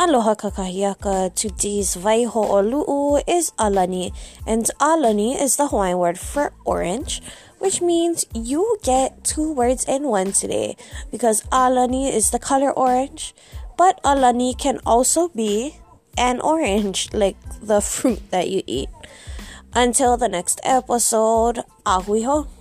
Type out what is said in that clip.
Aloha kakahiaka. Today's vaiho Vaiho'olu'u is alani, and alani is the Hawaiian word for orange, which means you get two words in one today because alani is the color orange, but alani can also be an orange, like the fruit that you eat. Until the next episode, ahuiho.